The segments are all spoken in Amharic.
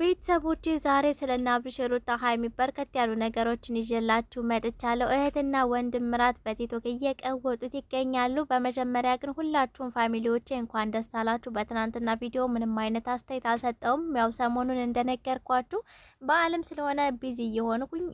ቤተሰቦች ዛሬ ስለ አብርሽ ሩታ ሀይሚ በርከት ያሉ ነገሮችን ይዤላችሁ መጥቻለሁ። እህትና ወንድም ምራት በቲክቶክ እየቀወጡት ይገኛሉ። በመጀመሪያ ግን ሁላችሁም ፋሚሊዎች እንኳን ደስ አላችሁ። በትናንትና ቪዲዮ ምንም አይነት አስተያየት አልሰጠውም። ያው ሰሞኑን እንደነገርኳችሁ በዓለም ስለሆነ ቢዚ እየሆንኩኝ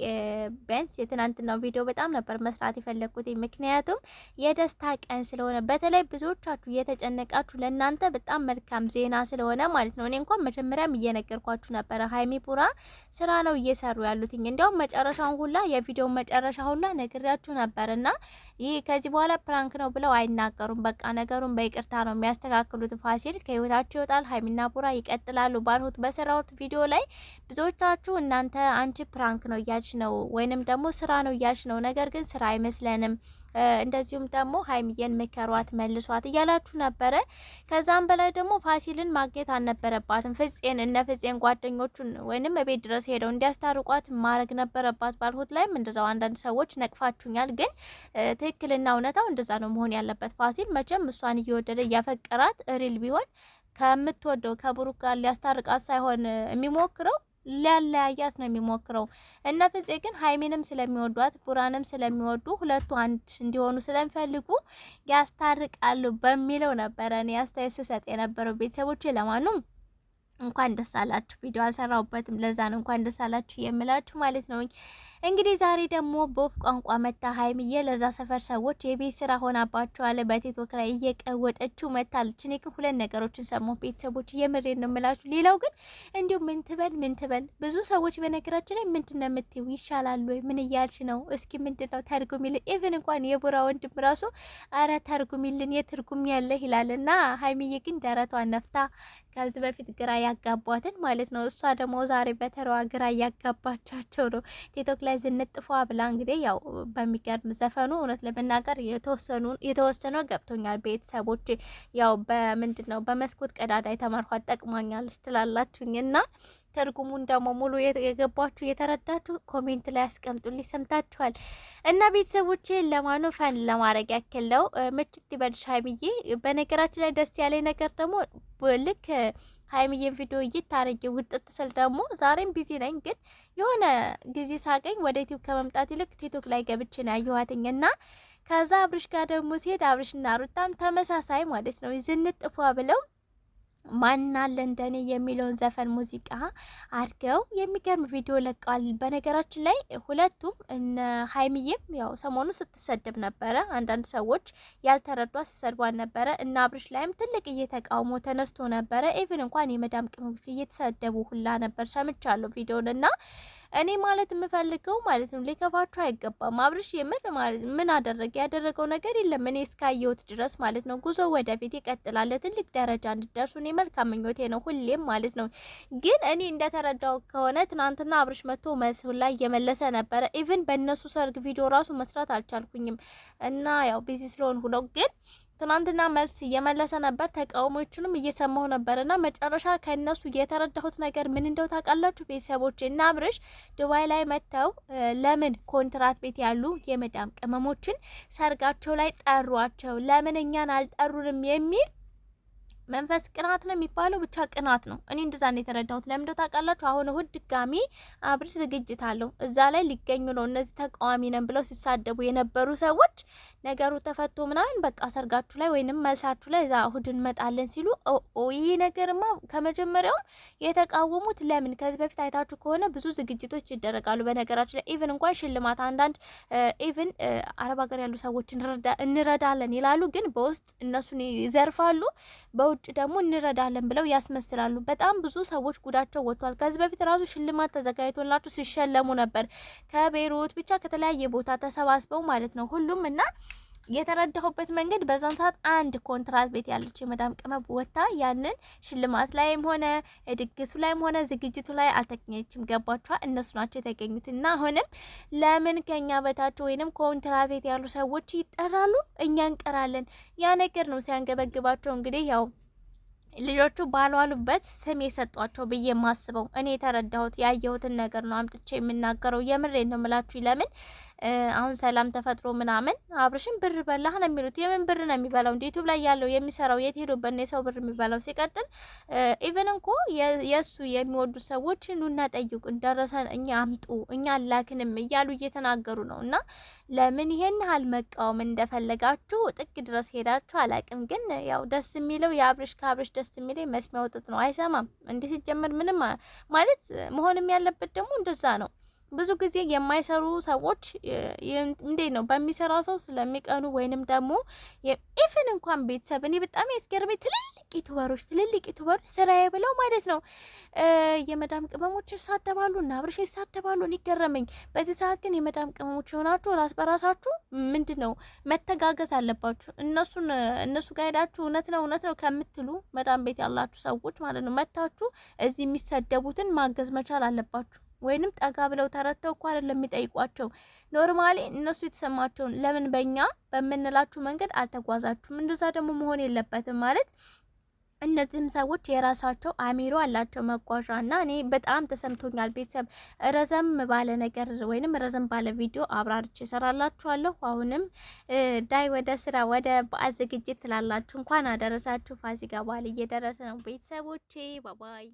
ቢያንስ የትናንትናው ቪዲዮ በጣም ነበር መስራት የፈለግኩት። ምክንያቱም የደስታ ቀን ስለሆነ በተለይ ብዙዎቻችሁ እየተጨነቃችሁ ለእናንተ በጣም መልካም ዜና ስለሆነ ማለት ነው። እኔ እንኳን መጀመሪያም እየነገርኳችሁ እየነገርኳችሁ ነበረ። ሀይሚ ቡራ ስራ ነው እየሰሩ ያሉት። እንዲያውም መጨረሻውን ሁላ የቪዲዮውን መጨረሻ ሁላ ነግሬያችሁ ነበር እና ይህ ከዚህ በኋላ ፕራንክ ነው ብለው አይናገሩም። በቃ ነገሩን በይቅርታ ነው የሚያስተካክሉት። ፋሲል ከህይወታችሁ ይወጣል፣ ሀይሚና ቡራ ይቀጥላሉ ባልሁት በሰራሁት ቪዲዮ ላይ ብዙዎቻችሁ እናንተ አንቺ ፕራንክ ነው እያልሽ ነው ወይንም ደግሞ ስራ ነው እያልሽ ነው፣ ነገር ግን ስራ አይመስለንም እንደዚሁም ደግሞ ሀይሚዬን ምከሯት፣ መልሷት እያላችሁ ነበረ። ከዛም በላይ ደግሞ ፋሲልን ማግኘት አልነበረባትም። ፍጼን እነ ፍጼን ጓደኞቹን ወይንም ቤት ድረስ ሄደው እንዲያስታርቋት ማድረግ ነበረባት። ባልሁት ላይም እንደዛው አንዳንድ ሰዎች ነቅፋችሁኛል፣ ግን ትክክልና እውነታው እንደዛ ነው መሆን ያለበት። ፋሲል መቼም እሷን እየወደደ እያፈቀራት ሪል ቢሆን ከምትወደው ከብሩክ ጋር ሊያስታርቃት ሳይሆን የሚሞክረው ሊያለያያት ነው የሚሞክረው። እነ ፍጼ ግን ሀይሜንም ስለሚወዷት ቡራንም ስለሚወዱ ሁለቱ አንድ እንዲሆኑ ስለሚፈልጉ ያስታርቃሉ በሚለው ነበረ እኔ አስተያየት ስሰጥ የነበረው። ቤተሰቦች ለማኑ እንኳን ደስ አላችሁ። ቪዲዮ አልሰራሁበትም፣ ለዛ ነው እንኳን ደስ አላችሁ የምላችሁ ማለት ነው። እንግዲህ ዛሬ ደግሞ በወፍ ቋንቋ መታ ሀይሚዬ ለዛ ሰፈር ሰዎች የቤት ስራ ሆናባቸዋል። በቲክቶክ ላይ እየቀወጠችው መታለች። እኔ ግን ሁለት ነገሮችን ሰማሁ ቤተሰቦች፣ የምሬን ነው የምላችሁ። ሌላው ግን እንዲሁ ምን ትበል ምን ትበል ብዙ ሰዎች በነገራችን ላይ ምንድን ነው የምትይው ይሻላል ወይ ምን እያልሽ ነው? እስኪ ምንድን ነው ተርጉሚልን። ኢቭን እንኳን የቡራ ወንድም ራሱ አረ ተርጉሚልን የትርጉም ያለ ይላል። እና ሀይሚዬ ግን ደረቷን ነፍታ ከዚህ በፊት ግራ ያጋቧትን ማለት ነው። እሷ ደግሞ ዛሬ በተረዋ ግራ እያጋባቻቸው ነው ቲክቶክ ላይ ላይ ዝንጥፏ ብላ እንግዲህ ያው በሚገርም ዘፈኑ እውነት ለመናገር የተወሰነው ገብቶኛል። ቤተሰቦች ያው በምንድን ነው በመስኮት ቀዳዳ የተማርኳት ጠቅማኛለች ትላላችሁኝ እና ትርጉሙን ደግሞ ሙሉ የገባችሁ የተረዳችሁ ኮሜንት ላይ ያስቀምጡልኝ። ሰምታችኋል እና ቤተሰቦች ለማኑ ፈን ለማድረግ ያክል ነው። ምችት ይበልሻ ብዬ በነገራችን ላይ ደስ ያለኝ ነገር ደግሞ ልክ ሀይሚዬን ቪዲዮ እይታረጌ ውጥት ስል ደግሞ ዛሬም ቢዚ ነኝ፣ ግን የሆነ ጊዜ ሳገኝ ወደ ዩቲዩብ ከመምጣት ይልቅ ቲክቶክ ላይ ገብቼ ነው ያየኋትኝ እና ከዛ አብርሽ ጋር ደግሞ ሲሄድ አብርሽና ሩታም ተመሳሳይ ማለት ነው ዝንጥፏ ብለው ማናለ እንደኔ የሚለውን ዘፈን ሙዚቃ አድርገው የሚገርም ቪዲዮ ለቀዋል። በነገራችን ላይ ሁለቱም እነ ሀይሚዬም ያው ሰሞኑ ስትሰድብ ነበረ፣ አንዳንድ ሰዎች ያልተረዷ ሲሰድቧን ነበረ እና አብርሽ ላይም ትልቅ እየተቃውሞ ተነስቶ ነበረ። ኢቭን እንኳን የመዳም ቅመሞች እየተሰደቡ ሁላ ነበር ሰምቻለሁ ቪዲዮን እና እኔ ማለት የምፈልገው ማለት ነው ሊከፋችሁ አይገባም። አብርሽ የምር ማለት ምን አደረገ? ያደረገው ነገር የለም እኔ እስካየሁት ድረስ ማለት ነው። ጉዞ ወደፊት ይቀጥላል። ትልቅ ደረጃ እንድደርሱ እኔ መልካም ምኞቴ ነው ሁሌም ማለት ነው። ግን እኔ እንደተረዳው ከሆነ ትናንትና አብርሽ መጥቶ መስሁን ላይ እየመለሰ ነበረ። ኢቭን በእነሱ ሰርግ ቪዲዮ ራሱ መስራት አልቻልኩኝም እና ያው ቢዚ ስለሆንኩ ነው ግን ትናንትና መልስ እየመለሰ ነበር። ተቃውሞችንም እየሰማሁ ነበር እና መጨረሻ ከእነሱ የተረዳሁት ነገር ምን እንደው ታውቃላችሁ ቤተሰቦች እና አብርሽ ድባይ ላይ መጥተው ለምን ኮንትራት ቤት ያሉ የመዳም ቅመሞችን ሰርጋቸው ላይ ጠሯቸው፣ ለምን እኛን አልጠሩንም የሚል መንፈስ ቅናት ነው የሚባለው፣ ብቻ ቅናት ነው። እኔ እንደዛ ነው የተረዳሁት። ለምዶ ታውቃላችሁ፣ አሁን እሁድ ድጋሚ አብርሽ ዝግጅት አለው። እዛ ላይ ሊገኙ ነው። እነዚህ ተቃዋሚ ነን ብለው ሲሳደቡ የነበሩ ሰዎች ነገሩ ተፈቶ ምናምን በቃ ሰርጋችሁ ላይ ወይንም መልሳችሁ ላይ እዛ እሁድ እንመጣለን ሲሉ ይሄ ነገርማ ከመጀመሪያውም የተቃወሙት ለምን? ከዚህ በፊት አይታችሁ ከሆነ ብዙ ዝግጅቶች ይደረጋሉ። በነገራችን ላይ ኢቭን እንኳን ሽልማት አንዳንድ ኢቭን አረብ ሀገር ያሉ ሰዎች እንረዳለን ይላሉ፣ ግን በውስጥ እነሱን ይዘርፋሉ በ ውጭ ደግሞ እንረዳለን ብለው ያስመስላሉ። በጣም ብዙ ሰዎች ጉዳቸው ወጥቷል። ከዚህ በፊት ራሱ ሽልማት ተዘጋጅቶላቸው ሲሸለሙ ነበር። ከቤይሩት ብቻ ከተለያየ ቦታ ተሰባስበው ማለት ነው ሁሉም እና የተረዳሁበት መንገድ በዛን ሰዓት አንድ ኮንትራት ቤት ያለች የመዳም ቅመብ ወታ ያንን ሽልማት ላይም ሆነ ድግሱ ላይም ሆነ ዝግጅቱ ላይ አልተገኘችም። ገባችኋ? እነሱ ናቸው የተገኙት እና አሁንም ለምን ከኛ በታች ወይንም ኮንትራት ቤት ያሉ ሰዎች ይጠራሉ፣ እኛ እንቀራለን። ያ ነገር ነው ሲያንገበግባቸው እንግዲህ ያው ልጆቹ ባልዋሉበት ስም የሰጧቸው ብዬ የማስበው እኔ የተረዳሁት ያየሁትን ነገር ነው አምጥቼ የምናገረው። የምሬ ነው ምላችሁ። ለምን አሁን ሰላም ተፈጥሮ ምናምን አብርሽን ብር በላህ ነው የሚሉት። የምን ብር ነው የሚበላው? እንደ ዩቲዩብ ላይ ያለው የሚሰራው የት ሄዶበት ነው የሰው ብር የሚበላው? ሲቀጥል ኢቨን እንኮ የእሱ የሚወዱ ሰዎች ኑና ጠይቁ፣ ደረሰን እኛ አምጡ እኛ አላክንም እያሉ እየተናገሩ ነው። እና ለምን ይሄን ያህል መቃወም እንደፈለጋችሁ ጥግ ድረስ ሄዳችሁ አላቅም። ግን ያው ደስ የሚለው የአብርሽ ከአብርሽ ደስ የሚለው መስሚያ ወጥጥ ነው። አይሰማም እንዲህ ሲጀምር ምንም ማለት መሆንም ያለበት ደግሞ እንደዛ ነው። ብዙ ጊዜ የማይሰሩ ሰዎች እንዴት ነው በሚሰራ ሰው ስለሚቀኑ ወይንም ደግሞ ኢፍን እንኳን ቤተሰብ እኔ በጣም ያስገርመኝ ትልልቅ ዩቱበሮች ትልልቅ ዩቱበሮች ስራዬ ብለው ማለት ነው የመዳም ቅመሞች ይሳደባሉ እና አብርሽ ይሳደባሉ። እኔ ገረመኝ። በዚህ ሰዓት ግን የመዳም ቅመሞች የሆናችሁ ራስ በራሳችሁ ምንድን ነው መተጋገዝ አለባችሁ። እነሱን እነሱ ጋር ሄዳችሁ እውነት ነው እውነት ነው ከምትሉ መዳም ቤት ያላችሁ ሰዎች ማለት ነው መታችሁ እዚህ የሚሰደቡትን ማገዝ መቻል አለባችሁ። ወይንም ጠጋ ብለው ተረድተው እኮ አይደለም የሚጠይቋቸው። ኖርማሊ እነሱ የተሰማቸውን ለምን በእኛ በምንላችሁ መንገድ አልተጓዛችሁም? እንደዛ ደግሞ መሆን የለበትም ማለት እነዚህም ሰዎች የራሳቸው አሚሮ አላቸው መጓዣ እና እኔ በጣም ተሰምቶኛል። ቤተሰብ ረዘም ባለ ነገር ወይንም ረዘም ባለ ቪዲዮ አብራርቼ እሰራላችኋለሁ። አሁንም ዳይ ወደ ስራ ወደ በዓል ዝግጅት ትላላችሁ። እንኳን አደረሳችሁ። ፋሲካ በዓል እየደረሰ ነው ቤተሰቦቼ። ባባይ